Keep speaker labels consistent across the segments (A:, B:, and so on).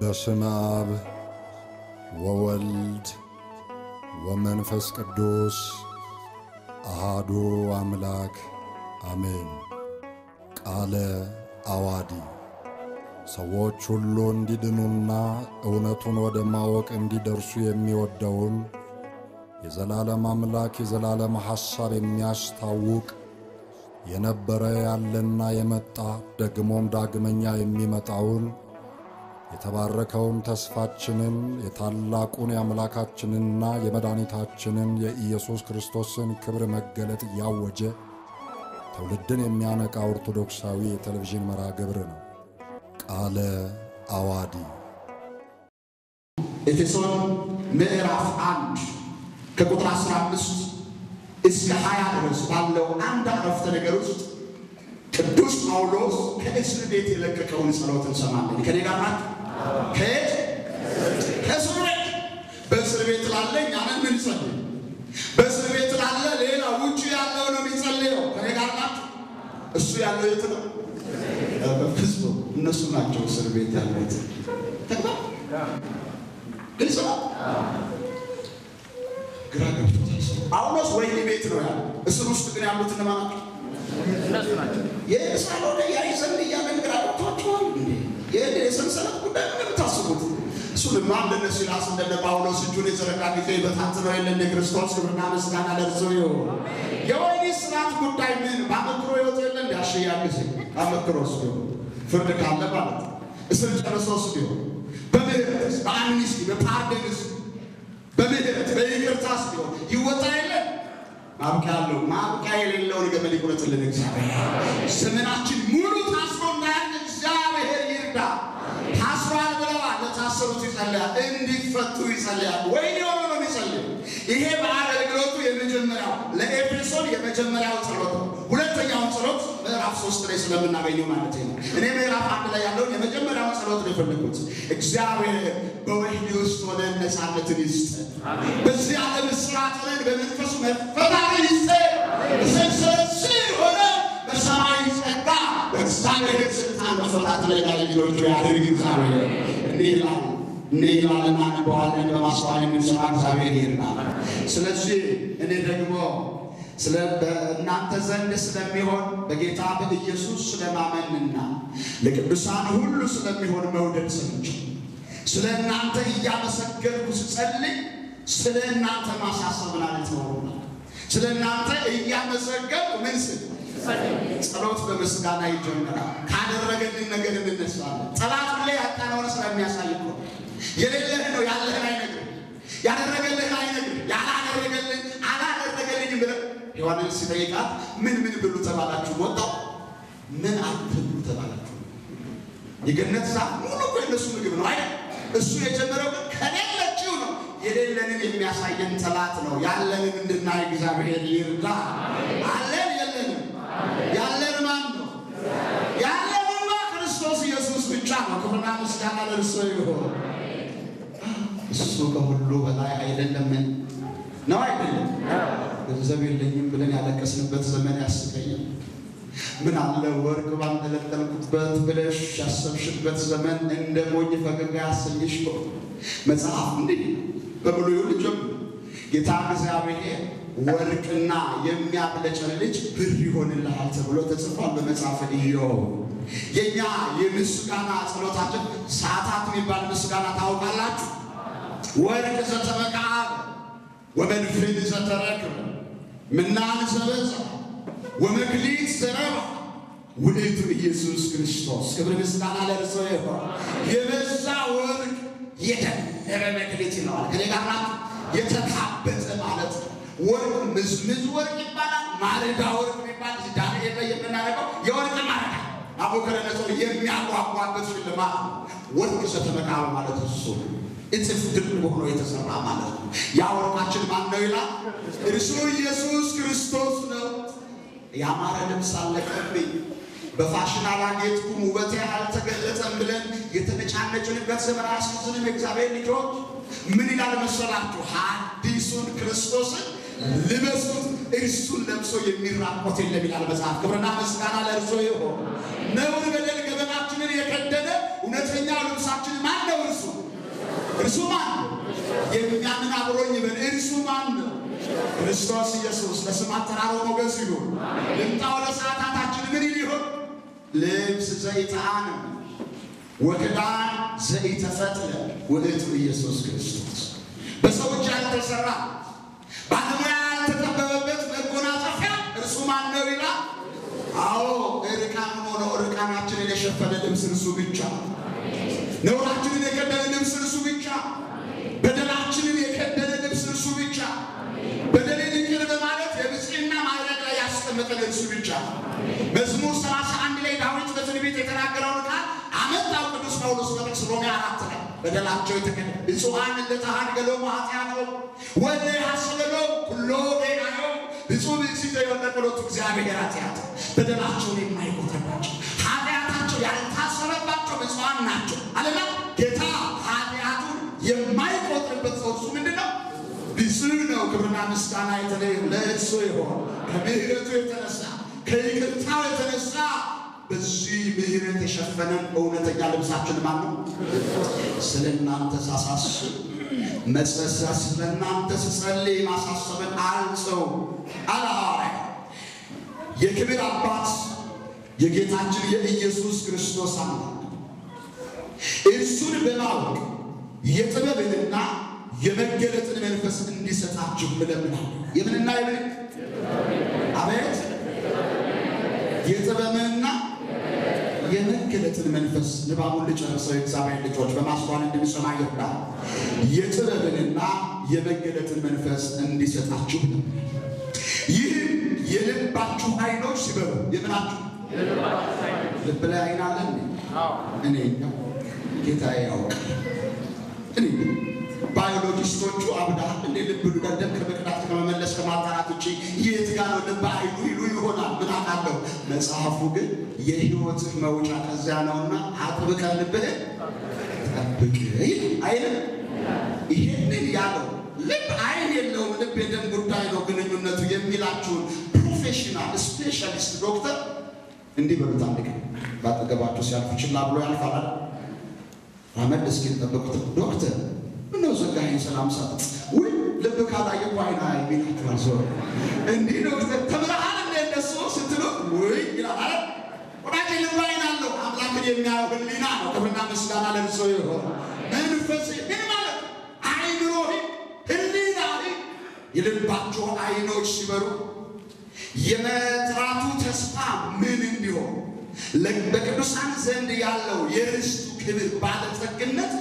A: በስመ አብ ወወልድ ወመንፈስ ቅዱስ አሃዱ አምላክ አሜን። ቃለ አዋዲ ሰዎች ሁሉ እንዲድኑና እውነቱን ወደ ማወቅ እንዲደርሱ የሚወደውን የዘላለም አምላክ የዘላለም ሐሳብ የሚያስታውቅ የነበረ ያለና የመጣ ደግሞም ዳግመኛ የሚመጣውን የተባረከውን ተስፋችንን የታላቁን የአምላካችንና የመድኃኒታችንን የኢየሱስ ክርስቶስን ክብር መገለጥ እያወጀ ትውልድን የሚያነቃ ኦርቶዶክሳዊ የቴሌቪዥን መርሃ ግብር ነው። ቃለ አዋዲ
B: ኤፌሶን ምዕራፍ አንድ ከቁጥር 15 እስከ 20 ድረስ ባለው አንድ አረፍተ ነገር ውስጥ ቅዱስ ጳውሎስ ከእስር ቤት የለቀቀውን ጸሎት እንሰማለን። ከኔ ጋር ናት። ከየት ከእስር ቤት በእስር ቤት ላለ እኛንን ምንጸልይ በእስር ቤት ላለ ሌላ ውጭ ያለው ነው የሚጸልየው። ከኔ ጋር ናት። እሱ ያለው የት ነው? ህዝቡ እነሱ ናቸው። እስር ቤት ያለው ግልጽ ነው። ግራ ገብቶታል። አሁኖስ ወህኒ ቤት ነው ያለው። እስር ውስጥ ግን ያሉት እነማን ናቸው? እነሱ ናቸው። የሳሎነ ያይዘን እያመን ይህን የሰንሰለት ጉዳይ እንደምታስቡት እሱንማ እንደነ ሲላስ እንደነ ጳውሎስ እጁን የዘረጋ ጊዜ ክብርና ምስጋና የወይኒ ስርዓት ጉዳይ ምን በአመክሮ ህይወት የለን ያሸያልስ አመክሮ ስ ፍርድ ካለ ማለት እስር በምህረትስ በአምኒስቲ በፓርደንስ በምህረት ይወጣ የሌለውን ይቁረጥልን እግዚአብሔር ዘመናችን ሙሉ ይጸልያል፣ እንዲፈቱ ይጸልያል። ወይኔ ሆኖ ነው የሚጸልየው። ይሄ በዓል የመጀመሪያው ለኤፌሶን የመጀመሪያው ጸሎት ነው። ሁለተኛውን ጸሎት ምዕራፍ ሶስት ላይ ስለምናገኘው ማለት ነው። እኔ ምዕራፍ አንድ ላይ ያለውን የመጀመሪያውን ጸሎት ነው የፈለኩት። እግዚአብሔር በወህኒ ውስጥ ሆነን ነፃነትን ይስጥ። በዚህ ዓለም ስራት ሆነን በመንፈሱ መፈታት ይስጥ። ሰሰስ ሆነ በሰማይ ጸጋ በእግዚአብሔር ስልጣን መፈታት ላይ ያለ ልጆቹ ያድርግ። እግዚአብሔር እንዲህ ይላል እንያለን አንበዋለን በማስተዋል የምንሰማ እግዚአብሔር ይርዳል። ስለዚህ እኔ ደግሞ በእናንተ ዘንድ ስለሚሆን በጌታ በኢየሱስ ስለማመንና ለቅዱሳን ሁሉ ስለሚሆን መውደድ ሰምቼ ስለ እናንተ እያመሰገንኩ ስጸልይ ስለ እናንተ ማሳሰብ ማለት ነው። ስለ እናንተ እያመሰገንኩ ምን ስል ጸሎት በምስጋና ይጀምራል። ካደረገልን ነገር እንነሳለን። ጠላት ላይ ያጣነውን ስለሚያሳይ ነው። የሌለህ ነው ያለህን አይነግርህ፣ ያደረገልህን አይነግርህ፣ ያላደረገልህን አላደረገልኝም ብለህ ሔዋንን ሲጠይቃት ምን ምን ብሉ ተባላችሁ? ወጣው ምን አትብሉ ተባላችሁ? የገነት ዛፍ ሙሉ እኮ የእነሱ ምግብ ነው አይደል? እሱ የጀመረው ከሌለችው ነው። የሌለንን የሚያሳየን ጠላት ነው። ያለንን እንድናይ እግዚአብሔር ይርዳ። አለን የለንም? ያለን ማን ነው? ያለንማ ክርስቶስ ኢየሱስ ብቻ ነው። ክብርና ምስጋና ለእርሱ ይሆን። እሱ ከሁሉ በላይ አይደለምን? ነው አይደለም? ገንዘብ የለኝም ብለን ያለቀስንበት ዘመን ያስቀኛል። ምን አለ ወርቅ ባንጠለጠልኩበት ብለሽ ያሰብሽበት ዘመን እንደ ሞኝ ፈገጋ ያሰኝሽ ነው። መጽሐፍ እንዲህ በብሉይ ልጅም ጌታ እግዚአብሔር ወርቅና የሚያብለጨልጭ ብር ይሆንልሃል ተብሎ ተጽፏል በመጽሐፈ ኢዮብ። የእኛ የምስጋና ጸሎታችን ሰዓታት የሚባል ምስጋና ታውቃላችሁ። ወርቅ ዘተበቅዓብ ወመድፍን ዘተረክብ ምናን ዘበጽ ወመክሊት ዘረባ ውእቱ ኢየሱስ ክርስቶስ ክብር ምስጋና ለርሰው ይሆን። የበዛ ወርቅ የደለበ መክሊት ይለዋል። ከሌላ ራት የተካበጠ ማለት ወርቅ ምዝምዝ ወርቅ ይባላል። ማረዳ ወርቅ ይባላል። ዳንኤል ላይ የምናደርገው የወርቅ ማረዳ አቡከረነጾር የሚያጓጓበት ሽልማት ወርቅ ዘተበቅዓብ ማለት እሱ እጥፍ ድርብ ሆኖ የተሰራ ማለት ነው። ያ ማን ነው ይላል? እርሱ ኢየሱስ ክርስቶስ ነው። ያማረ ልብስ አለቀብኝ፣ በፋሽን አላጌጥኩም፣ ውበቴ አልተገለጸም ብለን የተነጫነጭንበት ዘመን አያስዙንም። እግዚአብሔር ልጆች ምን ይላል መሰላችሁ? አዲሱን ክርስቶስን ልበሱት፣ እርሱን ለብሶ የሚራቆት የለም ይላል መጽሐፍ። ክብርና ምስጋና ለእርሱ ይሆን ነውን እርሱ ማን ነው? የሚያምን አብሮኝ በል። እርሱ ማን ነው? ክርስቶስ ኢየሱስ። ለስም አተራሮ ሞገስ ይሁን። ልምጣ ለሰዓታታችን ምን ሊሆን ልብስ ዘይትአነ ወክዳን ዘይተፈትለ ውእቱ ኢየሱስ ክርስቶስ በሰው እጅ ያልተሰራ ባለሙያ ያልተጠበበበት መጎናጸፊያ እርሱ ማን ነው ይላል። አዎ እርቃን ሆኖ እርቃናችንን የሸፈነ ልብስ እርሱ ብቻ ነውራችንን የከደነ ልብስ እርሱ ብቻ፣ በደላችንን የከደነ ልብስ እርሱ ብቻ፣ በደሌን ይቅር በማለት የንጽሕና ማዕረግ ላይ ያስቀመጠን እርሱ ብቻ። መዝሙር ሰላሳ አንድ ላይ ዳዊት በትንቢት የተናገረውን ቃል አመጣው ቅዱስ ጳውሎስ በጥቅስ ሮሜ አራት ላይ በደላቸው የተከደ ብፁዓን እንደ ጸሐን ገሎሙ ኃጢአቶም ወለ ያስበለው ሁሎ ጤናዮ ብፁዕ እግዚእ የወለቀሎቱ እግዚአብሔር ኃጢአት በደላቸውን የማይቆጠባቸው ኃጢአት ያልታሰረባቸው ብፁዓን ናቸው አለና ጌታ ኃጢአቱን የማይቆጥርበት ሰው እሱ ምንድን ነው? ብፁዕ ነው። ክብርና ምስጋና የተለየ ለእርሱ ይሆን። ከምሕረቱ የተነሳ ከይቅርታው የተነሳ በዚህ ምሕረት የሸፈነን እውነተኛ ልብሳችን ማን ነው? ስለ እናንተ ሳሳስብ መጸሰስ ለእናንተ ስጸልይ ማሳሰብን አልጸው አለ ሐዋርያ የክብር አባት የጌታችን የኢየሱስ ክርስቶስ አምላክ እርሱን በማወቅ የጥበብንና የመገለጥን መንፈስ እንዲሰጣችሁ እለምናለሁ። የምንና የምን አቤት የጥበብንና የመገለጥን መንፈስ ንባቡን ልጨርሰው። የእግዚአብሔር ልጆች በማስተዋል እንደሚሰማ ይርዳ። የጥበብንና የመገለጥን መንፈስ እንዲሰጣችሁ ነው። ይህም የልባችሁ ዓይኖች ሲበሩ የምናችሁ ልብ ላይ አይን አለ እኔ ጌታዬ ያውቅ እኔ ባዮሎጂስቶቹ አብዳህ እንደ ልብ ደደም ከመቅዳት ከመመለስ ከማጣራት ውጭ የት ጋር ነው ልብ አይሉ ይሉ ይሆናል። ምን አውቃለሁ። መጽሐፉ ግን የህይወት መውጫ ከዚያ ነውና አጥብቀ ልብህ ጠብቅ አይልም። ይሄንን ያለው ልብ አይን የለውም ልብ የደም ጉዳይ ነው ግንኙነቱ የሚላችሁን ፕሮፌሽናል ስፔሻሊስት ዶክተር እንዲህ በሉት። አንድ ቀን ባጠገባቸው ሲያልፉ ችላ ብሎ ያልፋል። አመድ እስኪ ጠበቁት። ዶክተር ምነው ዘጋኸኝ? ሰላም ሳት ወይ ልብ ካላየ አይና የሚላቸዋል። ሰው እንዲህ ዶክተር ተምረሃል እንደ እነሱ ስትሉ ወይ ይላል አለ ወዳጅ ልብ አይን አለው። አምላክን የሚያየው ህሊና ነው። ክብርና ምስጋና ለብሶ ይሆን መንፈስ ግን ማለት አይምሮህ ህሊና የልባቸው አይኖች ሲበሩ የመጥራቱ ተስፋ ምን እንዲሆን በቅዱሳን ዘንድ ያለው የርስቱ ክብር ባለጠግነት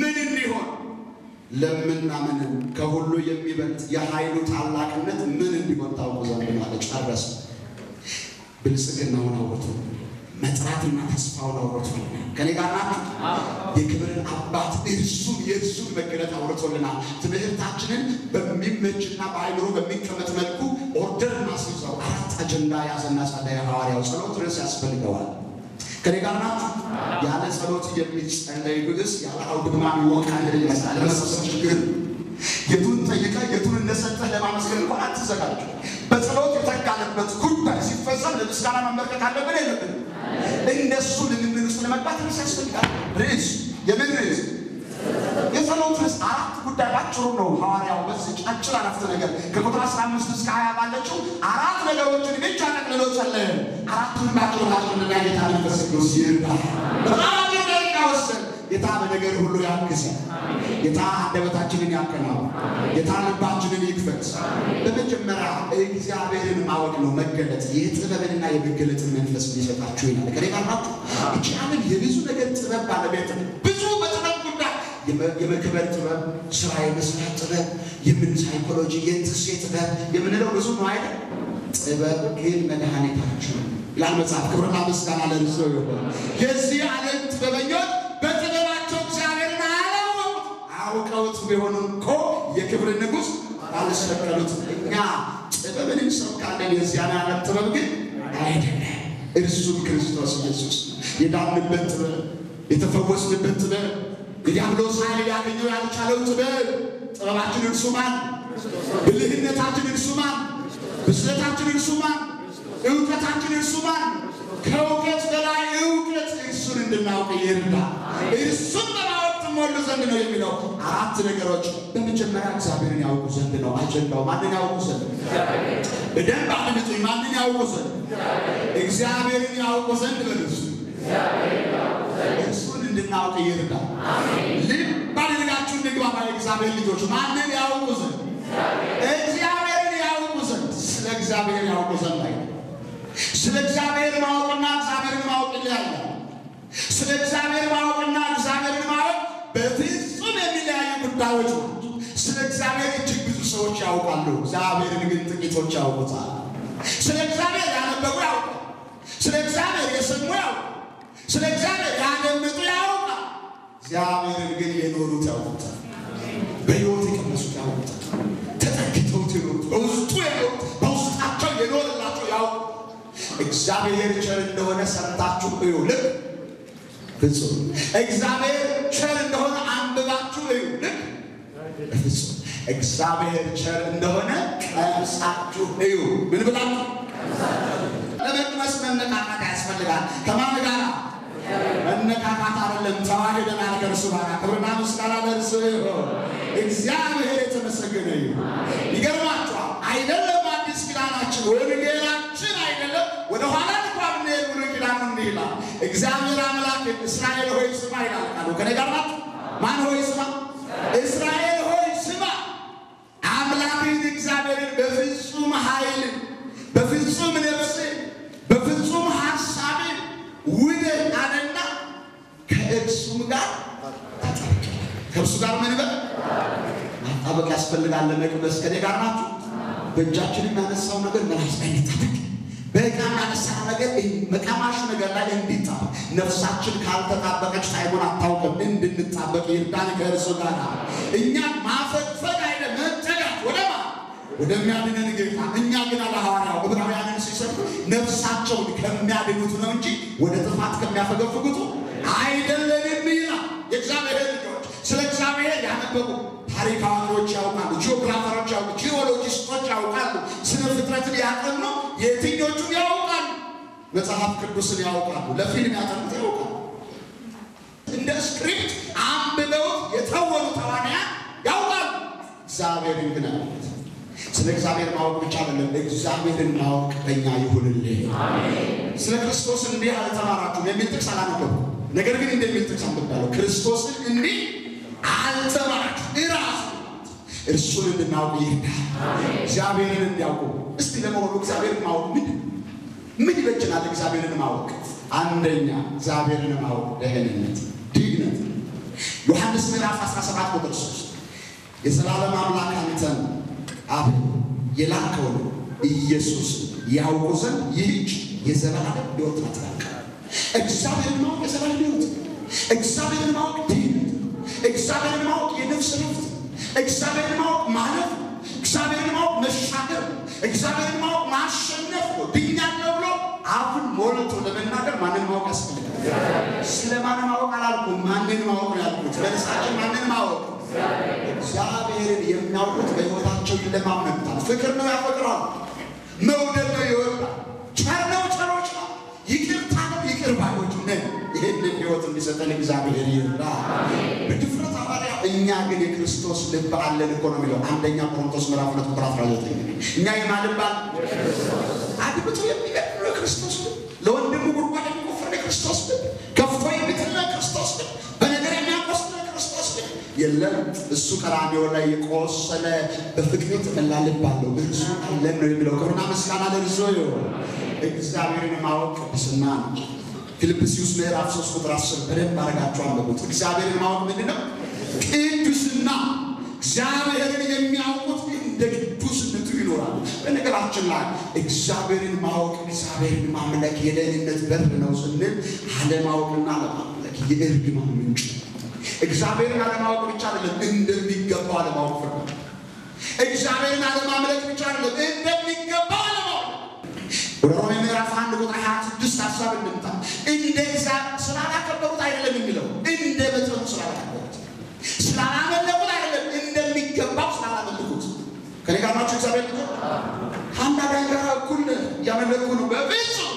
B: ምን እንዲሆን ለምናምንን ከሁሉ የሚበልጥ የኃይሉ ታላቅነት ምን እንዲሆን ታውቁ ዘንድ ማለት ጨረሱ። ብልጽግናውን አውርቱ፣ መጥራትና ተስፋውን አውርቱ። ከኔ ጋር የክብርን አባት እርሱን የእርሱን መገለጥ አውርቶልናል። ትምህርታችንን በሚመችና በአይምሮ በሚቀመጥ መልኩ አጀንዳ ያዘና ጸዳ የሐዋርያው ጸሎት ርዕስ ያስፈልገዋል። ከኔ ጋር ናት። ያለ ጸሎት የሚጸለይ ግዕዝ ያለ አውድማ የሚወቃል ይመስላል። ለመሰብሰብ ችግር የቱን ጠይቀ የቱን እንደሰጠህ ለማመስገን እንኳን አትዘጋጁ። በጸሎት የተካለበት ጉዳይ ሲፈጸም ለምስጋና መመርቀት አለብን የለብን? እንደሱ ልምምድ ውስጥ ለመግባት ርዕስ ያስፈልጋል። ርዕስ የምን ርዕስ የጸሎት ርዕስ አራት ጉዳይ ባጭሩ ነው። ሐዋርያው በዚህ አጭር አረፍተ ነገር ከቁጥር 15 እስከ 20 ባለችው አራት ነገሮችን ብቻ ጠቅልሎ ጸለየ። አራቱን ባጭሩ ባጭሩ ለና ጌታ መንፈስ ቅዱስ ይርዳ። በጣም አጭር ጌታ በነገር ሁሉ ያግዘ። ጌታ አንደበታችንን ያከናው። ጌታ ልባችንን ይክፈት። በመጀመሪያ እግዚአብሔርን ማወቅ ነው መገለጥ። የጥበብንና የመገለጥን መንፈስ ሊሰጣችሁ ይላል። ከኔ ጋር ናችሁ? ይቻንን የብዙ ነገር ጥበብ ባለቤት የመክበር ጥበብ፣ ስራ የመስራት ጥበብ፣ የምን ሳይኮሎጂ የትሴ ጥበብ የምንለው ብዙ ነው አይደል? ጥበብ ግን መድኃኒታችን ይላል መጽሐፍ። ክብርና ምስጋና ለንስ ነው የዚህ ዓለም ጥበበኞች በጥበባቸው እግዚአብሔርን አላወቁት። አውቀውት ቢሆኑ እኮ የክብር ንጉሥ አልሰቀሉት። እኛ ጥበብን እንሰብካለን፣ የዚያን ዓለም ጥበብ ግን አይደለም። እርሱም ክርስቶስ ኢየሱስ የዳንበት ጥበብ፣ የተፈወስንበት ጥበብ የዲያብሎስ ኃይል ሊያገኘው ያልቻለው ጥበብ ጥበባችን እርሱማን ብልህነታችን እርሱማን ብስለታችን እርሱ እውቀታችን እርሱ ከእውቀት በላይ እውቀት እርሱን እንድናውቅ ይርዳ። እርሱን በማወቅ ትሞሉ ዘንድ ነው የሚለው አራት ነገሮች። በመጀመሪያ እግዚአብሔርን ያውቁ ዘንድ ነው አጀንዳው። ማንን ያውቁ ዘንድ? በደንብ አድምጡኝ። ማንን ያውቁ ዘንድ? እግዚአብሔርን ያውቁ ዘንድ በልሱ እንድናውቅ ይርዳ። ልብ አድርጋችሁ እንግባ። እግዚአብሔር ልጆች ማንን ያውቁ ዘንድ? እግዚአብሔርን ያውቁ ዘንድ። ስለ እግዚአብሔር ያውቁ ዘንድ አይ ስለ እግዚአብሔር ማወቅና እግዚአብሔርን ማወቅ ይለያል። ስለ እግዚአብሔር ማወቅና እግዚአብሔርን ማወቅ በፍጹም የሚለያዩ ጉዳዮች ስለ እግዚአብሔር እጅግ ብዙ ሰዎች ያውቃሉ፣ እግዚአብሔርን ግን ጥቂቶች ያውቁታል። ስለ እግዚአብሔር ያነበቡ ያውቁ፣ ስለ እግዚአብሔር የሰሙ ያውቁ፣ ስለ እግዚአብሔር ያደመጡ ያውቁ እግዚአብሔርን ግን የኖሩት ያውቁታል። በሕይወት የቀመሱት ያውቁታል። ተጠግተውት የኖሩት በውስጡ የኖሩት በውስጣቸው የኖርላቸው ያውቁ እግዚአብሔር ቸር እንደሆነ ሰምታችሁ እዩ። ልብ ፍጹም እግዚአብሔር ቸር እንደሆነ አንብባችሁ እዩ። ልብ ፍጹም እግዚአብሔር ቸር እንደሆነ ቀምሳችሁ እዩ። ምን ብላችሁ ለመቅመስ መነቃቃት ያስፈልጋል። መነካካት አይደለም። ተዋህደናል ከእርሱ ጋር። ክብርና ምስጋና ለእርሱ ይሁን። እግዚአብሔር የተመሰገነ ይሁን። ይገርማችኋል አይደለም አዲስ ኪዳናችን ወንጌላችን አይደለም ወደ ኋላ እንኳን ብንሄድ ብሉይ ኪዳን እንዲህ ይላል፣ እግዚአብሔር አምላክ እስራኤል ሆይ ስማ ይላል ቃሉ። ከኔ ጋር ናችሁ? ማን ሆይ ስማ? እስራኤል ሆይ ስማ፣ አምላክህን እግዚአብሔርን በፍጹም ኃይል ከእርሱ ጋር ምን ይበል ማጣበቅ ያስፈልጋል። ለመቅመስ ከኔ ጋር ናችሁ። በእጃችን የሚያነሳው ነገር መላስ ላይ እንዲጣበቅ፣ በእቃ የሚያነሳው ነገር መቀማሹ ነገር ላይ እንዲጣበቅ። ነፍሳችን ካልተጣበቀች ሳይሆን አታውቅም። እንድንጣበቅ ይርዳን ከእርሱ ጋር እኛ ማፈግፈግ አይደ መጠጋት ወደ ማ ወደሚያድነን ጌታ። እኛ ግን አለ ሐዋርያው ዕብራውያንን ሲሰሩ ነፍሳቸውን ከሚያድኑት ነው እንጂ ወደ ጥፋት ከሚያፈገፍጉቱ አይደለንም ይላል የእግዚአብሔር ያጠበቁ ታሪካኖች ያውቃሉ፣ ጂኦግራፈሮች ያውቃሉ፣ ጂኦሎጂስቶች ያውቃሉ። ስነ ፍጥረትን ያጠኑ የትኞቹ ያውቃሉ? መጽሐፍ ቅዱስን ያውቃሉ። ለፊልም ያጠኑት ያውቃሉ። እንደ ስክሪፕት አንብለው የተወኑ ተዋንያ ያውቃሉ። እግዚአብሔር ግን አለት ስለ እግዚአብሔር ማወቅ ብቻ አይደለም፣ እግዚአብሔርን ማወቅ በእኛ ይሁንልህ። ስለ ክርስቶስ እንዲህ አልተማራችሁም የሚል ጥቅስ አላነበብኩም፣ ነገር ግን እንደሚል ጥቅስ አንብቤያለሁ። ክርስቶስን እንዲህ አልተባራችሁ እራሱ እርሱን እንድናውቅ ይርዳል። እግዚአብሔርን እንዲያውቁ እስቲ ለመሆኑ እግዚአብሔርን ማወቅ ምን ምን ይበጅናል? እግዚአብሔርን ማወቅ አንደኛ እግዚአብሔርን ማወቅ ደህንነት፣ ድግነት ዮሐንስ ምዕራፍ 17 ቁጥር 3 የዘላለም አምላክ አንተን አብ የላከውን ኢየሱስ ያውቁ ዘንድ ይህች የዘላለም ሕይወት ናት። እግዚአብሔርን ማወቅ የዘላለም ሕይወት፣ እግዚአብሔርን ማወቅ ድህነት እግዚአብሔርን ማወቅ የነፍስ ረፍት፣ እግዚአብሔርን ማወቅ ማለፍ፣ እግዚአብሔርን ማወቅ መሻገር፣ እግዚአብሔርን ማወቅ ማሸነፍ ድኛለሁ ብሎ አፉን ሞልቶ ለመናገር ማንን ማወቅ ያስፈልጋል? ስለ ማንን ማወቅ አላልኩም፣ ማንን ማወቅ ነው ያልኩት። በነጻችን ማንን ማወቅ እግዚአብሔርን የሚያውቁት በሕይወታቸው ይለማመዱታል። ፍቅር ነው ያፈቅራል። መውደድ ነው ይወዳል። ቸር ነው ቸሮች ነው። ይቅርታ ነው ይቅር ባዮች ነን። ሕይወት እንዲሰጠን እግዚአብሔር ይርዳ። በድፍረት አባሪያ እኛ ግን የክርስቶስ ልብ አለን እኮ ነው የሚለው አንደኛ ቆሮንቶስ ምዕራፍ ሁለት ቁጥር ዘጠኝ እኛ የማልባል አድብቶ የሚገድሉ የክርስቶስ ልብ ለወንድሙ ጉድጓድ የሚቆፍር የክርስቶስ ልብ ከፍቶ የሚጥል ክርስቶስ ልብ በነገር የሚያቆስል የክርስቶስ ልብ የለም። እሱ ቀራንዮ ላይ የቆሰለ በፍቅር የተመላ ልብ አለው እርሱ አለን ነው የሚለው። ክብርና ምስጋና ለእርሱ ይሁን። እግዚአብሔርን ማወቅ ቅድስና ነው። ፊልጵስዩስ ምዕራፍ 3 ቁጥር 10 በደንብ አድርጋችሁ አንብቡት። እግዚአብሔርን ማወቅ ምንድን ነው? ቅዱስና እግዚአብሔርን የሚያውቁት እንደ ቅዱስነቱ ይኖራል። በነገራችን ላይ እግዚአብሔርን ማወቅ እግዚአብሔርን ማምለክ የደህንነት በር ነው ስንል አለማወቅና አለማምለክ የእርግማን ምንጭ እግዚአብሔርን አለማወቅ ብቻ አይደለም፣ እንደሚገባው አለማወቅ ፍርድ። እግዚአብሔርን አለማምለክ ብቻ አይደለም፣ እንደሚገባው ወደ ሮሜ ምዕራፍ አንድ ቁጥር ሀያ ስድስት ሀሳብ እንምጣ። እንደ ስላላከበሩት አይደለም የሚለው እንደ መጽሐፉ ስላላከበሩት ስላላመለኩት አይደለም እንደሚገባው ስላላመለኩት። ከኔ ጋር ናቸው። እግዚአብሔር ልጆ ከአንዳንድ ጋር እኩል እያመለኩ ነው። በፍጹም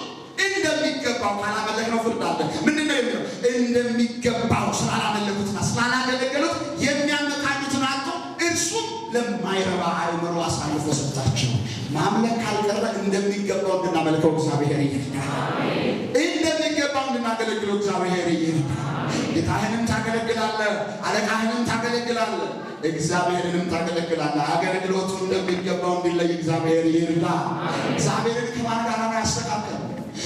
B: እንደሚገባው ካላመለክ ነው ፍርድ አለ። ምንድን የሚለው? እንደሚገባው ስላላመለኩትና ስላላገለገሉት የሚያ ለማይረባ አእምሮ አሳልፎ ሰጣቸው። ማምለክ ካልቀረ እንደሚገባው እንድናመልከው እግዚአብሔር ይርዳ። እንደሚገባው እንድናገለግለው እግዚአብሔር ይርዳ። ጌታህንም ታገለግላለህ፣ አለቃህንም ታገለግላለህ፣ እግዚአብሔርንም ታገለግላለህ። አገልግሎቱ እንደሚገባው እንዲለይ እግዚአብሔር ይርዳ። እግዚአብሔርን ከማን ጋር ነው ያስተካከል?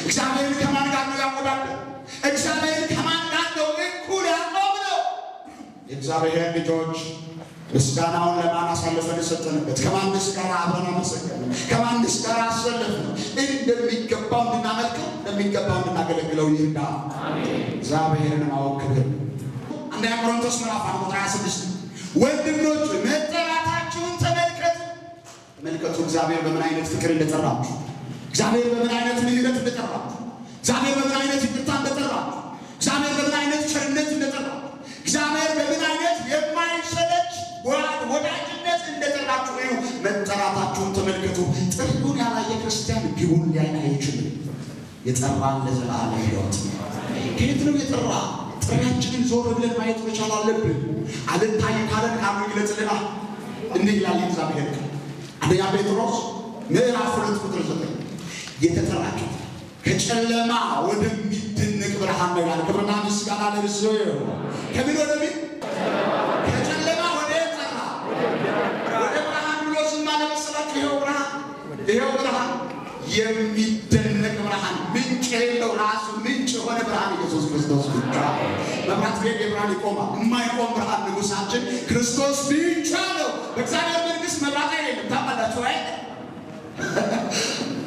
B: እግዚአብሔርን ከማን ጋር ነው ያወዳደር? እግዚአብሔርን ከማን ጋር ነው እኩል ያቆም ነው? የእግዚአብሔር ልጆች ምስጋናውን ለማን አሳልፈን የሰጠንበት ከማንስ ጋር አብረን አመሰገን ከማንስ ጋር አሰለፍ ነው። እንደሚገባው እንድናመልከው እንደሚገባው እንድናገለግለው ይርዳ። እግዚአብሔርን ማወቅ ክብር። አንደኛ ቆሮንቶስ ምዕራፍ ቁጥር 26 ወንድሞች መጠራታችሁን ተመልከቱ። ተመልከቱ እግዚአብሔር በምን አይነት ፍቅር እንደጠራችሁ፣ እግዚአብሔር በምን አይነት ልዩነት እንደጠራችሁ፣ እግዚአብሔር በምን አይነት እንደጠራችሁ እዩ። መጠራታችሁን ተመልከቱ። ጥሪውን ያላየ ክርስቲያን ቢሆን ሊያይ አይችልም። የጠራን ለዘላለም ሕይወት ከየት ነው የጠራ? ጥሪያችንን ዞር ብለን ማየት መቻል አለብን። አልታይ ካለን ቃሉ ይግለጽልና እንላለን። እግዚአብሔር ቃል አንደኛ ጴጥሮስ ምዕራፍ ሁለት ቁጥር ዘጠኝ የተጠራችሁ ከጨለማ ወደሚደነቅ ብርሃን ነው ይላል። ክብርና ምስጋና ለእሱ ከምን ወደሚል ይኸው ብርሃን የሚደነቅ ብርሃን ምንጭ የሌለው ራሱ ምንጭ የሆነ ብርሃን ኢየሱስ ክርስቶስ ብቻ። መብራት ቤት የብርሃን ይቆማል። የማይቆም ብርሃን ንጉሳችን ክርስቶስ ብቻ ነው። በእግዚአብሔር መንግስት መብራት አይደለም። ታውቃላችሁ አይ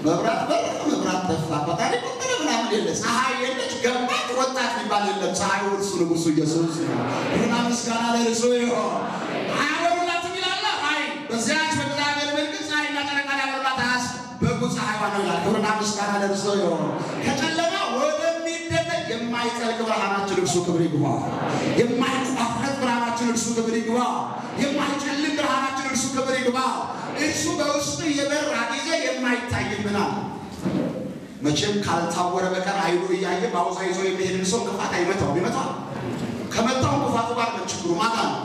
B: መብራት በራ መብራት ጠፋ ፈጣሪ ቁጥር ምናምን የለ ፀሐይ የለች ገባች ወጣት ይባል የለም። ፀሐይ እርሱ ንጉሱ ኢየሱስ ነው። ምስጋና ለርሱ ይሆን አያበሩላት ይላለ አይ በዚያች በቅጣ ለመለካል ያመራት አስ በጉ ፀሐይ ነው ይላል። ክብርና ምስጋና ለብሶ የሆነ ከጨለማ ወደሚደነቅ የማይጠልቅ ብርሃናችን እርሱ ክብር ይግባ። የማይቋረጥ ብርሃናችን እርሱ ክብር ይግባ። የማይጨልም ብርሃናችን እርሱ ክብር ይግባ። እርሱ በውስጡ የበራ ጊዜ የማይታይብናል። መቼም ካልታወረ በቀር አይኑ እያየ በአውዛ ይዞ የሚሄድን ሰው ክፋት አይመታውም። ይመታል። ከመታው ክፋቱ ጋር ችግሩ ማታ ነው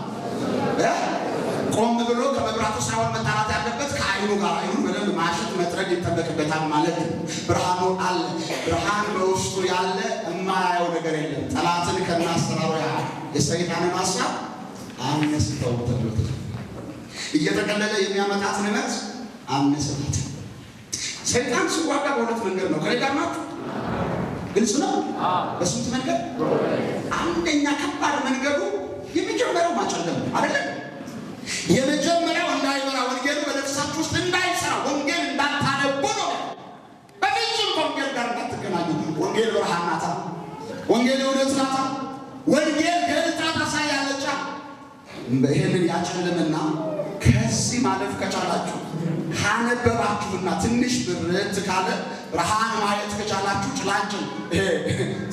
B: ቆም ብሎ ከመብራቱ ሳይሆን መጣራት ያለበት ከአይኑ ጋር አይኑ በደንብ ማሸት መጥረግ ይጠበቅበታል ማለት ነው። ብርሃኑ አለ። ብርሃን በውስጡ ያለ እማያየው ነገር የለም። ጠላትን ከናስተራሩ ያ የሰይጣንን ሀሳብ አነስተው ተብሎት እየተቀለለ የሚያመጣት ንመት አነስታት ሰይጣን ሲዋጋ በሁለት መንገድ ነው። ከሌላ ናችሁ ግልጽ ነው። በስንት መንገድ? አንደኛ ከባድ መንገዱ የሚጀመረው ማጨለም አይደለም የመጀመሪያው እንዳይበራ ወንጌሉ በነፍሳችሁ ውስጥ እንዳይሰራ ወንጌል እንዳታነቡ ነው። በፍጹም ከወንጌል ጋር እንዳትገናኙ። ወንጌል ብርሃን ናታ። ወንጌል እውነት ናታ። ወንጌል ገልጣ ታሳያለች። ይህንን ያጨለመና ከዚህ ማለፍ ከቻላችሁ ካነበባችሁና ትንሽ ብርት ካለ ብርሃን ማየት ከቻላችሁ ጭላንጭል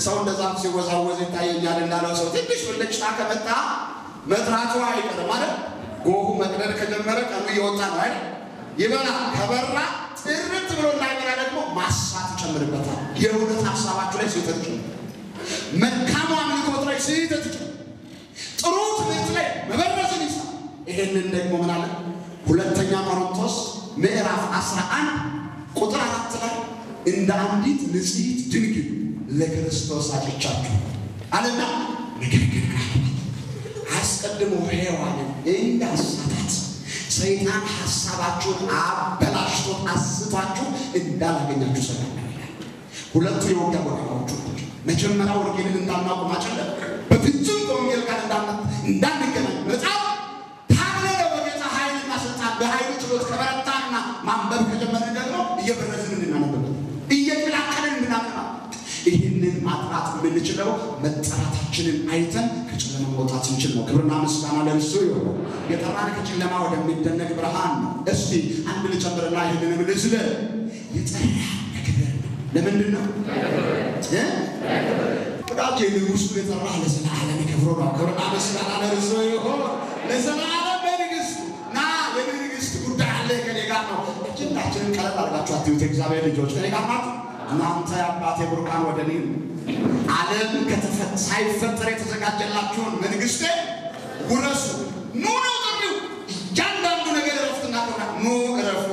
B: ሰው እንደዛ ሲወዛወዝ ይታየኛል እንዳለው ሰው ትንሽ ብልጭታ ከመጣ መጥራቱ አይቀርም ማለት ጎሁ መቅደድ ከጀመረ ቀኑ እየወጣ ነው አይደል? ይበላ ከበራ ጥርት ብሎ እንዳይበላ ደግሞ ማሳት ይጨምርበታል። የእውነት ሀሳባችሁ ላይ ስህተት ጭ መካሙ አምልኮት ላይ ስህተት ጭ ጥሩ ትምህርት ላይ መበረስን ይሳ ይህንን ደግሞ ምናለ ሁለተኛ ቆሮንቶስ ምዕራፍ 11 ቁጥር አራት ላይ እንደ አንዲት ንጽሕት ድንግል ለክርስቶስ አጭቻችሁ አለና ነገር ግን አስቀድሞ ሔዋንን ሰይጣን ሀሳባችሁን አበላሽቶት አስቷችሁ እንዳላገኛችሁ ሰላ ሁለቱ የወንጌል ወራሮቹ መጀመሪያ ወንጌልን እንዳናቁም ማጨለም በፍጹም ከወንጌል ጋር እንዳና የምንችለው መጠራታችንን አይተን ከጨለማ መውጣት እንችል ነው። ክብርና ምስጋና ለእርሱ ይሆ የጠራን ከጨለማ ወደሚደነቅ ብርሃን ነው። እስቲ አንድ ልጨምርና ይህንን ምልስለ የጠራ ክብር ለምንድን ነው? ቅዳት የንጉሱ የጠራ ለዘላለም ክብሮ ነው። ክብርና ምስጋና ለእርሱ ይሆ ለዘላለም በንግስት ና የንግስት ጉዳይ አለ ከኔ ጋር ነው። እጅናችንን ቀለል አድርጋችሁ አትዩት። እግዚአብሔር ልጆች ከኔ ጋር ናት እናንተ አባቴ ብሩካን ወደ እኔ ዓለም ሳይፈጠር የተዘጋጀላችሁን መንግስቴ ውረሱ። ኑ ነው ጥሪው። እያንዳንዱ ነገር እረፍትና ቆዳ ኑ እረፉ።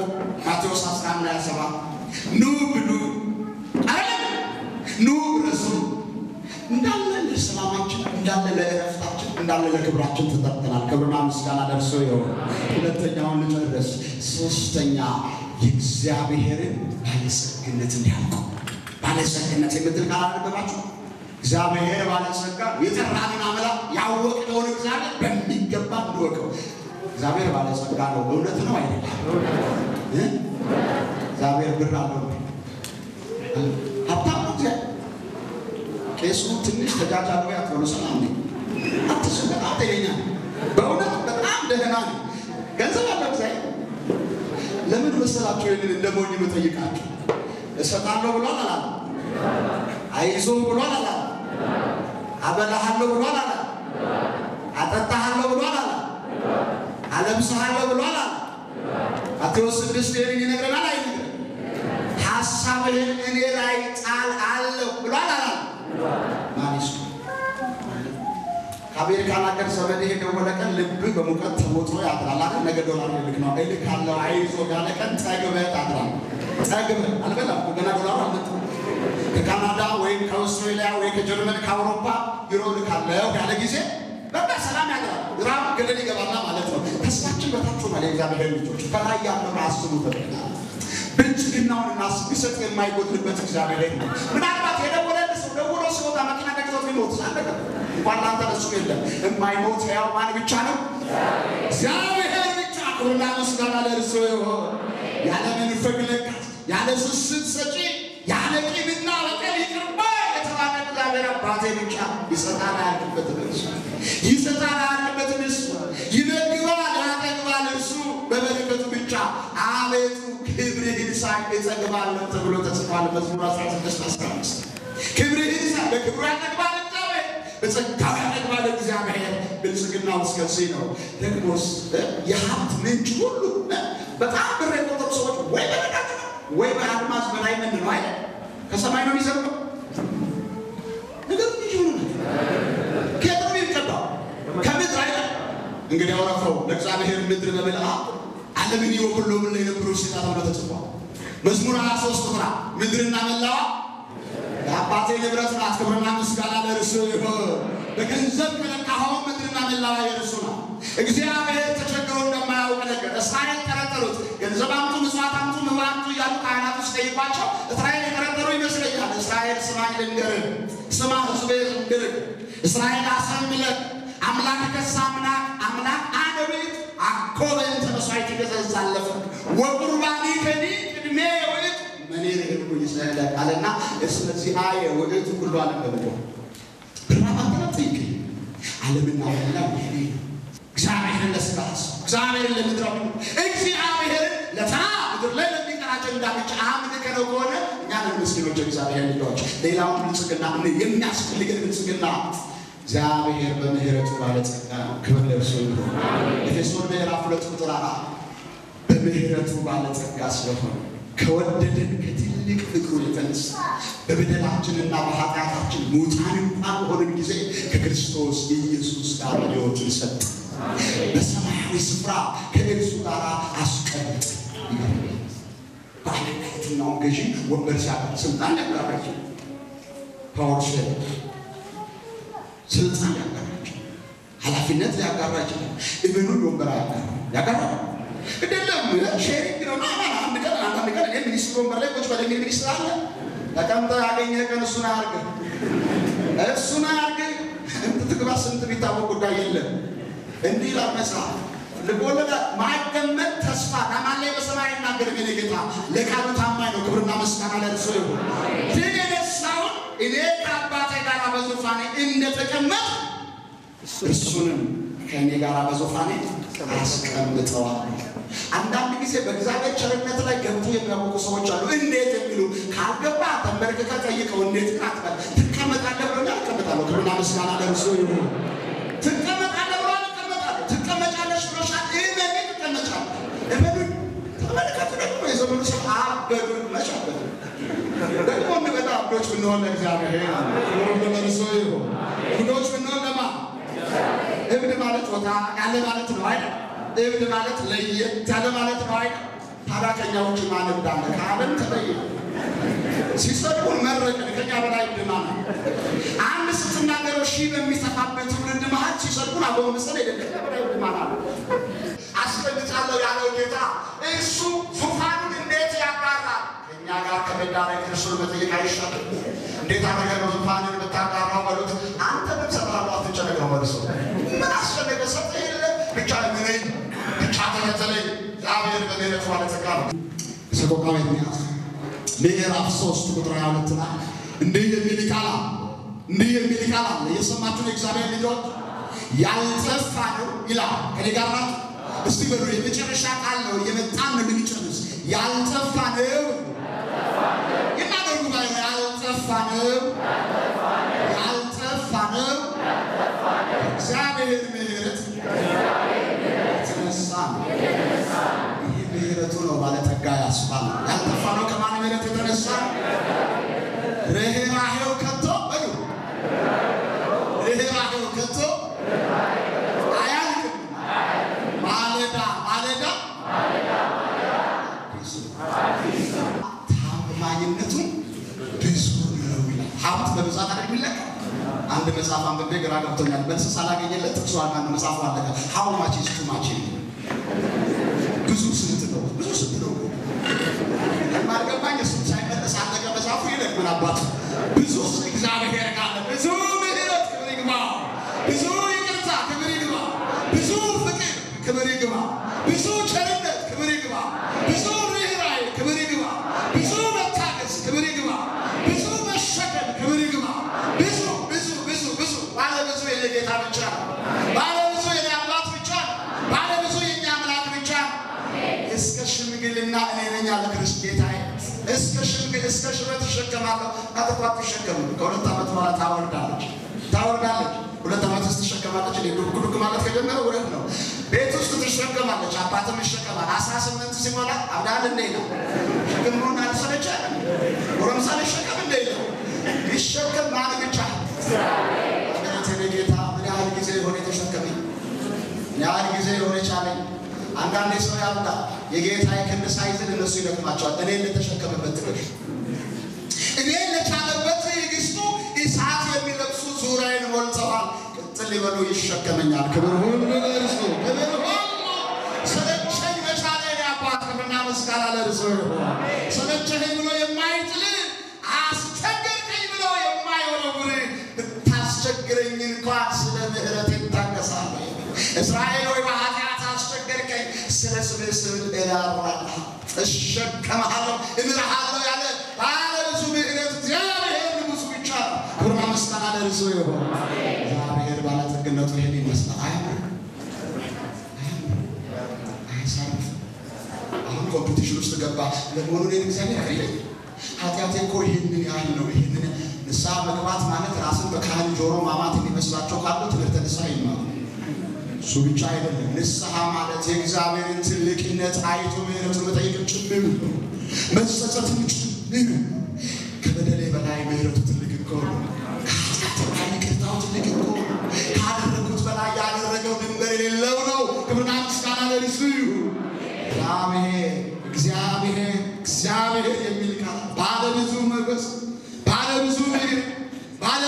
B: ማቴዎስ 11 27 ኑ ብሉ፣ አይደለም ኑ ውረሱ። እንዳለ ለሰላማችን፣ እንዳለ ለእረፍታችን፣ እንዳለ ለክብራችን ተጠርተናል። ክብርና ምስጋና ደርሶ ይሆን። ሁለተኛውን ልጨርስ። ሶስተኛ የእግዚአብሔርን ባለጸግነት እንዲያውቁ ባለጸግነት የምትል ቃል አነበባችሁ። እግዚአብሔር ባለጸጋ የተራንን አምላክ ያወቅነውን እግዚአብሔር በሚገባ እንወቀው። እግዚአብሔር ባለጸጋ ነው። እውነት ነው አይደለም? እግዚአብሔር ብር አለው ሀብታም ነው። ቄሱ ትንሽ ተጃጃሎ ያትሆነ ሰላም ነኝ አትሱ በጣም ተገኛ በእውነት በጣም ደህና ነው። ገንዘብ አለው እግዚአብሔር ለምን መሰላችሁ ይህንን እንደ ሞኝ የምጠይቃችሁ? እሰጣለሁ ብሏል አላለ? አይዞህ ብሏል አላለ? አበላሃለሁ ብሏል አላለ? አጠጣሃለሁ ብሏል አላለ? አለብስሃለሁ ብሏል አላለ? ማቴዎስ ስድስት ይህንን ይነግረናል አይ ሀሳብህን እኔ ላይ ጣል አለሁ ብሏል አላለ? አሜሪካን ሀገር ዘመድ የደወለ ቀን ልብ በሙቀት ተሞጥሮ ያድራል። አክ ነገ ዶላር ልክ ነው እልክ አለው አይዞ ያለ ቀን ጠግበህ ታድራለህ። ጠግበህ አልበላም ገና ዶላሩ አልመጣም። ከካናዳ ወይም ከአውስትራሊያ ወይ ከጀርመን ከአውሮፓ ቢሮ ልካለው ያለ ጊዜ በቃ ሰላም ያድራል። ራብ ገደል ይገባና ማለት ነው። ተስፋችን በታች ሆኗል። የእግዚአብሔር ልጆች በላይ ያለው አስቡ ተብለናል። ብልጭግናውን እናስብ፣ ቢሰጥ የማይጎድልበት እግዚአብሔር ምናልባት የደወለ ሞት ሲወጣ መኪና ነድቶት ቢሞት አለቀ። እንኳን ለአንተ ለሱ የለም። የማይሞት ሕያው ማን ብቻ ነው? እግዚአብሔር ብቻ። ክብርና ምስጋና ለእርሱ ይሆን። ያለ መንፈግ ለቃት፣ ያለ ስስት ሰጪ፣ ያለ ቂምና በቀል ይቅር የተባለ እግዚአብሔር አባቴ ብቻ ይሰጣል። አያልቅበትም እርሱ ይሰጣል። አያልቅበትም እርሱ ይመግባል፣ ያጠግባል እርሱ በበረከቱ ብቻ አቤቱ ክብርህን ሳቅ እጸግባለሁ ተብሎ ተጽፏል። መዝሙር 16 15 ክብርህን በክብሩ ያጠግባል እግዚአብሔር፣ በጸጋው ያጠግባል እግዚአብሔር። ብልጽግናው እስከዚህ ነው። ደግሞስ የሀብት ምንጭ ሁሉ በጣም ብር የቆጠሩ ሰዎች ወይ በነዳጅ ነው ወይ በአድማስ በዳይመንድ ነው አይደል? ከሰማይ ነው የሚዘንበው ነገር ይሁን ከየት ነው ከምድር አይደል? እንግዲህ አውራፈው ለእግዚአብሔር ምድር በበልዓ ዓለምን ይወክሎ ምን ላይ ነብሮ ሲጣ ተጽፏል። መዝሙር 23 ቁጥር ምድርና መላዋ አባቴ ንብረት ናት። ክብርና ምስጋና ለርሱ ይሁን። በገንዘብ የነካኸውን ምድርና ምላላ የርሱ ነው። እግዚአብሔር ተቸግሮ እንደማያውቅ ነገር እስራኤል ጠረጠሩት። ገንዘብ አምጡ፣ ምጽዋት አምጡ፣ መባ አምጡ እያሉ ካህናቱ ሲጠይቋቸው እስራኤል የጠረጠሩ ይመስለኛል። እስራኤል ስማ ልንገርህ፣ ስማ ህዝቤ ልንገርህ፣ እስራኤል አሰምለት አምላክ ከሳምና አምላክ አነቤት አኮበን ተመሥዋዕት ይገዘዛለፈ ወቁርባኒ ከኒ ቅድሜ ወልድ መኔር ህጉ ይስዕለክ አለና እስመዚህ አየ ወደቱ ሁሉ ዓለም በበጎ ይሄ ለታ ምድር ላይ ከሆነ እኛ ነን ምስኪኖች እግዚአብሔር ልጆች። ሌላውን ብልጽግና ብልጽግና እግዚአብሔር በምህረቱ ባለጸጋ ነው። ክብር ይሁን። ኤፌሶን ምዕራፍ ሁለት ቁጥር አራት በምህረቱ ባለጸጋ ስለሆነ ከወደደን ከትልቅ ፍቅሩ የተነሳ በበደላችንና በኃጢአታችን ሙታን እንኳን በሆንን ጊዜ ከክርስቶስ ኢየሱስ ጋር ሕይወትን ሰጠ። በሰማያዊ ስፍራ ከእርሱ ጋር አስቀምጥ። ባልና ገዢ ወንበር ሲያቀር ስልጣን ነበራቸው፣ ፓወር ስልጣን ያጋራቸው፣ ኃላፊነት ያጋራቸው፣ እምኑን ወንበር ያጋራ ግደለም ሼሪንግ ነው ማማ አንድ ቀን አንድ ቀን እኔ ሚኒስትር ወንበር ላይ ቁጭ በለኝ ሚኒስትር አለ ተቀምጠህ ያገኘህ ቀን እሱን አያርግህ እሱን አያርግህ እንትትግባ ስንት የሚታወቅ ጉዳይ የለም እንዲህ ይላል መጽሐፍ ልቦለዳ ማይገመት ተስፋ ከማን ላይ በሰማይ ይናገር የኔ ጌታ ለቃሉ ታማኝ ነው ክብርና ምስጋና ለእርሱ ይሁን ግን የነሳውን እኔ ከአባቴ ጋር በዙፋኔ እንደተቀመጥ እሱንም ከእኔ ጋር በዙፋኔ አስቀምጠዋል አንዳንድ ጊዜ በእግዚአብሔር ቸርነት ላይ ገብቶ የሚያውቁ ሰዎች አሉ። እንዴት የሚሉ ካልገባ ተመርቅቀ ጠይቀው እንዴት ግን ትቀመጣለህ ብሎ ያልቀመጣለሁ ክብርና ምስጋና ለርሶ ይሁን። ብንሆን ለእግዚአብሔር ብንሆን ለማ እብድ ማለት ቦታ ያለ ማለት ነው አይደል? እብድ ማለት ለየት ያለ ማለት ነው አይደል? ታዲያ ማለት ማን እብዳለ? ከዓለም ተለየ ሲሰድቡን መረቅን ከኛ በላይ ድማ አንድ ስትናገረው ሺ በሚሰፋበት ትውልድ መሀል ሲሰድቡን አጎምስል ከኛ በላይ ድማ ነው። አስፈልጣለሁ ያለው ጌታ እሱ ዙፋኑን እንዴት ያጋራል? ከእኛ ጋር ከመዳረግ እርሱን መጠየቅ አይሻልም? እንዴት አደረገ ዙፋንን ብታጋራ ሰቆቃወት ምዕራፍ ምዕራፍ 3 ቁጥር 22 ላይ እንዲህ የሚል ቃል አለ። እንዲህ የሚል ቃል አለ። የሰማችሁን የእግዚአብሔር ልጆች ያልጠፋ ነው ይላል። ከኔ ጋር ናት። እስቲ በሉ የመጨረሻ ቃል ነው። እየመጣን ነው ልንጨርስ። ያልጠፋ ነው ይናደርጉ ያልጠፋ ነው ያልጠፋ ነው እግዚአብሔር ምሕረት የተነሳ ነው ምሕረቱ ነው ባለጠጋ ያስባል። ያልጠፋ ነው ከማን ምሕረት የተነሳ ርኅራሄው ከቶ በሉ ርኅራሄው ከቶ አንድ መጽሐፍ አንብቤ ግራ ገብቶኛል። ሀው ማች ስቱ ማች ነው ነው። ብዙ ስንት ነው እሱም ሳይመለስ አለቀ መጽሐፉ። ይደግመን አባቱ ብዙ እግዚአብሔር ካለ ብዙ ምሕረት ክብር ይግባ፣ ብዙ ይቅርታ ክብር ይግባ፣ ብዙ ፍቅር ክብር ይግባ፣ ብዙ ቸርነት ክብር ይግባ፣ ብዙ ርኅራኄ ክብር ይግባ፣ ብዙ መታገስ ክብር ይግባ፣ ብዙ መሸከም ክብር ይግባ። ብዙ ብዙ ብዙ ብዙ ባለ ብዙ የጌታ ብቻ ባለ ያለ ክርስ ጌታዬ እስከ ሽበት ትሸከማለህ። ከተቋት ትሸከም ከሁለት ዓመት በኋላ ታወርዳለች ታወርዳለች። ሁለት ዓመት ውስጥ ትሸከማለች። ዱክ ዱክ ማለት ከጀመረ ውረት ነው። ቤት ውስጥ ትሸከማለች፣ አባትም ይሸከማል። አስራ ስምንት ሲሞላ አብዳል እንደ ይላል ሽክምሩን አልሰለቸ ጎረምሳ ሊሸከም እንደ ይላል ሊሸከም ማን ብቻ ቴኔ ጌታ ምን ያህል ጊዜ የሆነ የተሸከመኝ ምን ያህል ጊዜ የሆነ ቻለኝ አንዳንዴ ሰው ያብዳል የጌታ የክንድ ሳይዝን እነሱ ይደክማቸዋል። እኔ ለተሸከመበት ትንሽ እኔ ለቻለበት ግስቱ እሳት የሚለብሱ ዙሪያዬን ሞልተዋል። ቅጥል ይበሉ ይሸከመኛል። ክብር ሁሉ ለእርሱ ክብር ሁሉ ሰለቸኝ መቻለ አባት ክብርና ምስጋና ለእርሱ ይሆን። ሰለቸኝ ብሎ የማይጥል አስቸገርከኝ ብሎ የማይወረውር ብታስቸግረኝ እንኳ ስለ ምህረት ይታገሳል። እስራኤል ወይ ስብል እራራልሃለሁ፣ እሸከምሃለሁ፣ እምርሃለሁ ያለ ባለ ብዙ ምሕረት እግዚአብሔር ንጉሥ ብቻ ነው። ክብር ምስጋና ለርሱ ይሁን። እግዚአብሔር ባለጠግነቱ ይህን ይመስላል። አያምርም? አያሳርፍም። አሁን ኮምፒቲሽን ውስጥ ገባ። ለመሆኑ እኔን እግዚአብሔር አይለኝ ኃጢአቴ እኮ ይህንን ያህል ነው። ይህንን ንስሐ መግባት ማለት ራስን በካህን ጆሮ ማማት የሚመስላቸው ካሉ ትምህርተ ንስሐ ይማሩ። እሱ ብቻ አይደለም። ንስሐ ማለት የእግዚአብሔርን ትልቅነት አይቶ ምሕረት መጠየቅም ጭምር ነው። መጸጸትም ጭምር ከበደሌ በላይ ምሕረቱ ትልቅ እኮ በላይ ይቅርታው ትልቅ እኮ ካደረጉት በላይ ያደረገው ድንበር የሌለው ነው። ክብርና ምስጋና ለልሱ እግዚአብሔር እግዚአብሔር እግዚአብሔር የሚል ቃል ባለ ብዙ ምህረት፣ ምሕረት፣ ባለ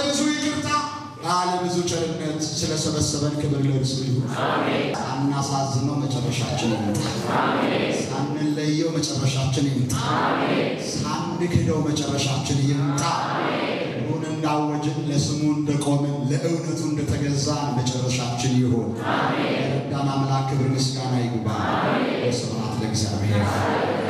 B: ይቅርታ ለብዙ ቸርነት ስለሰበሰበን ክብር ለእርሱ ይሁን። አናሳዝነው፣ መጨረሻችን ይምጣ። ሳንለየው መጨረሻችን ይምጣ። ሳንክደው መጨረሻችን ይምጣ። ሁን እንዳወጅን፣ ለስሙ እንደቆምን፣ ለእውነቱ እንደተገዛን መጨረሻችን ይሁን። ረዳን አምላክ ክብር ምስጋና ይግባ። ስብሐት ለእግዚአብሔር።